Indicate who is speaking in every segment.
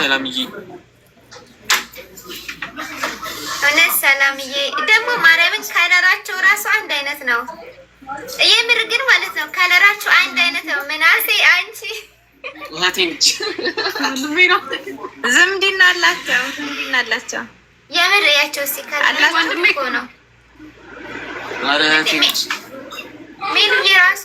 Speaker 1: ሰላምዬ
Speaker 2: እውነት ሰላምዬ ደግሞ ማርያምን ከለራቸው ራሱ አንድ አይነት ነው። የምር ግን ማለት ነው ከለራቸው አንድ አይነት ነው። ምናሴ አንቺ
Speaker 3: ዝምድና አላቸው ዝምድና አላቸው።
Speaker 2: የምር እያቸው እስኪ ነው ሚሉ የራሱ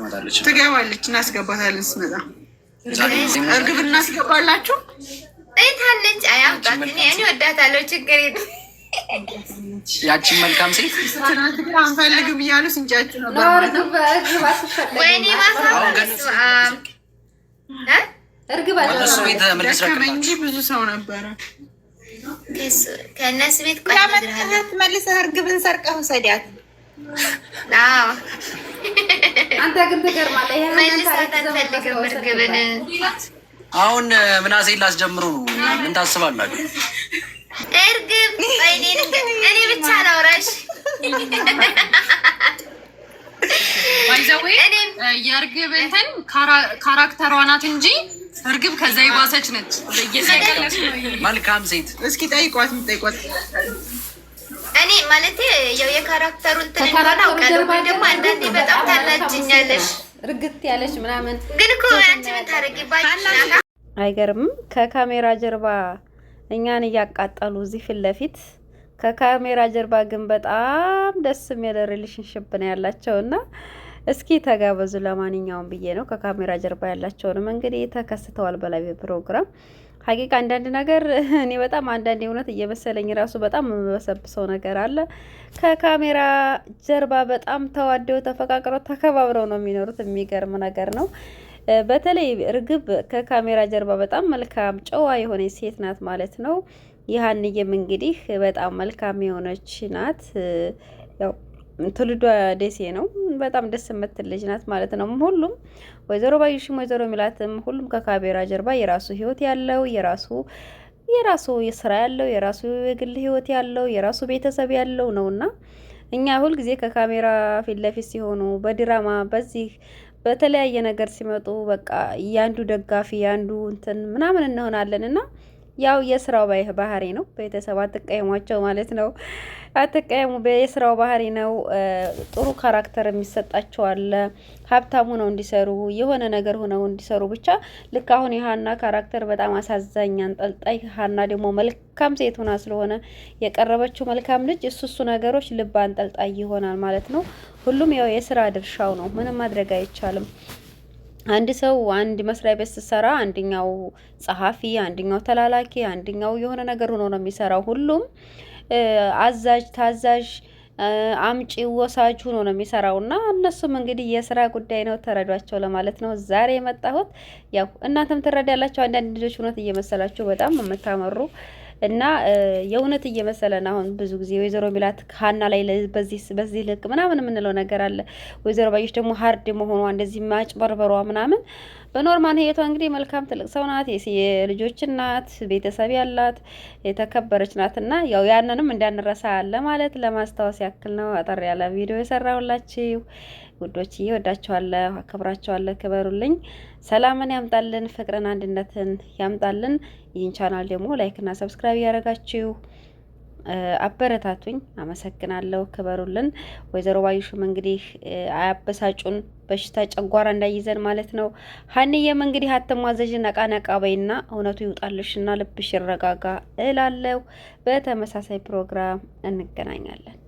Speaker 1: ትመጣለች፣ ትገባለች። እናስገባታለን ስመጣ።
Speaker 3: እርግብ እናስገባላችሁ።
Speaker 2: ጠይታለች። አያምጣት እኔ ወዳታለሁ። ችግር የለም።
Speaker 1: ያችን መልካም ሴት
Speaker 3: አንፈልግም እያሉ ስንጫችሁ ነበር። ወይኔ ብዙ ሰው ነበረ ከእነሱ ቤት ቆይ፣ መልሰህ እርግብን ሰርቀህ ውሰዳት አንተ ግን ትገርማለህ።
Speaker 1: አሁን ምናሴ ላስጀምሩ ምን ታስባላችሁ?
Speaker 2: እርግብ እኔ ብቻ ነው ረሽ
Speaker 3: ይዘዌ የእርግብ እንትን ካራክተሯ ናት እንጂ እርግብ ከዛ የባሰች ነች።
Speaker 1: መልካም ሴት
Speaker 3: እስኪ ጠይቋት፣ ጠይቋት
Speaker 2: እኔ ማለት ያው የካራክተሩ እንትን እንደሆነ አውቃለሁ። ደግሞ አንዳንዴ በጣም ታናጅኛለሽ፣
Speaker 3: እርግት ያለሽ ምናምን።
Speaker 2: ግን እኮ አንቺ ምን ታደርጊባለሽ?
Speaker 3: አይገርምም? ከካሜራ ጀርባ እኛን እያቃጠሉ እዚህ ፊት ለፊት ከካሜራ ጀርባ ግን በጣም ደስ የሚል ሪሌሽንሽፕ ነው ያላቸውና እስኪ ተጋበዙ ለማንኛውም ብዬ ነው። ከካሜራ ጀርባ ያላቸውንም እንግዲህ ተከስተዋል በላይ ፕሮግራም ሀቂቃ አንዳንድ ነገር እኔ በጣም አንዳንድ እውነት እየመሰለኝ ራሱ በጣም የምበሰብሰው ነገር አለ። ከካሜራ ጀርባ በጣም ተዋደው ተፈቃቅረው ተከባብረው ነው የሚኖሩት። የሚገርም ነገር ነው። በተለይ እርግብ ከካሜራ ጀርባ በጣም መልካም ጨዋ የሆነ ሴት ናት ማለት ነው። ይህንዬም እንግዲህ በጣም መልካም የሆነች ናት። ያው ትውልዷ ደሴ ነው። በጣም ደስ የምትል ልጅ ናት ማለት ነው። ሁሉም ወይዘሮ ባዩሽም ወይዘሮ ሚላትም ሁሉም ከካሜራ ጀርባ የራሱ ህይወት ያለው የራሱ የራሱ ስራ ያለው የራሱ የግል ህይወት ያለው የራሱ ቤተሰብ ያለው እና እኛ ሁልጊዜ ከካሜራ ፊት ለፊት ሲሆኑ በድራማ በዚህ በተለያየ ነገር ሲመጡ በቃ ያንዱ ደጋፊ ያንዱ እንትን ምናምን እንሆናለን እና ያው የስራው ባህሪ ነው። ቤተሰብ አትቀየሟቸው ማለት ነው። አትቀየሙ፣ የስራው ባህሪ ነው። ጥሩ ካራክተር የሚሰጣቸው አለ። ሀብታም ሆነው እንዲሰሩ የሆነ ነገር ሆነው እንዲሰሩ ብቻ። ልክ አሁን የሀና ካራክተር በጣም አሳዛኝ፣ አንጠልጣይ ሀና ደግሞ መልካም ሴት ሆና ስለሆነ የቀረበችው መልካም ልጅ እሱ እሱ ነገሮች ልብ አንጠልጣይ ይሆናል ማለት ነው። ሁሉም ያው የስራ ድርሻው ነው። ምንም ማድረግ አይቻልም። አንድ ሰው አንድ መስሪያ ቤት ስትሰራ አንደኛው ጸሐፊ፣ አንደኛው ተላላኪ፣ አንደኛው የሆነ ነገር ሆኖ ነው የሚሰራው። ሁሉም አዛዥ፣ ታዛዥ፣ አምጪ፣ ወሳጅ ሆኖ ነው የሚሰራው እና እነሱም እንግዲህ የስራ ጉዳይ ነው፣ ተረዷቸው ለማለት ነው ዛሬ የመጣሁት። ያው እናንተም ትረዳላቸው አንዳንድ ልጆች እውነት እየመሰላችሁ በጣም የምታመሩ እና የእውነት እየመሰለን አሁን ብዙ ጊዜ ወይዘሮ ሚላት ሀና ላይ በዚህ በዚህ ልክ ምናምን የምንለው ነገር አለ። ወይዘሮ ባዮች ደግሞ ሀርድ መሆኗ እንደዚህ ማጭበርበሯ ምናምን በኖርማል ህይወቷ እንግዲህ መልካም ትልቅ ሰው ናት፣ የልጆች ናት፣ ቤተሰብ ያላት የተከበረች ናት። እና ያው ያንንም እንዳንረሳ ለማለት ለማስታወስ ያክል ነው አጠር ያለ ቪዲዮ የሰራሁላችሁ። ውዶች እወዳችኋለሁ፣ አከብራችኋለሁ። ክበሩልኝ። ሰላምን ያምጣልን፣ ፍቅርን፣ አንድነትን ያምጣልን። ይህን ቻናል ደግሞ ላይክና ሰብስክራይብ እያደረጋችሁ አበረታቱኝ። አመሰግናለሁ። ክበሩልን። ወይዘሮ ባዩሽም እንግዲህ አያበሳጩን በሽታ ጨጓራ እንዳይዘን ማለት ነው። ሀኒዬም እንግዲህ አትሟዘዥ ነቃ ነቃ በይና እውነቱ ይውጣልሽና ልብሽ ይረጋጋ እላለሁ። በተመሳሳይ ፕሮግራም እንገናኛለን።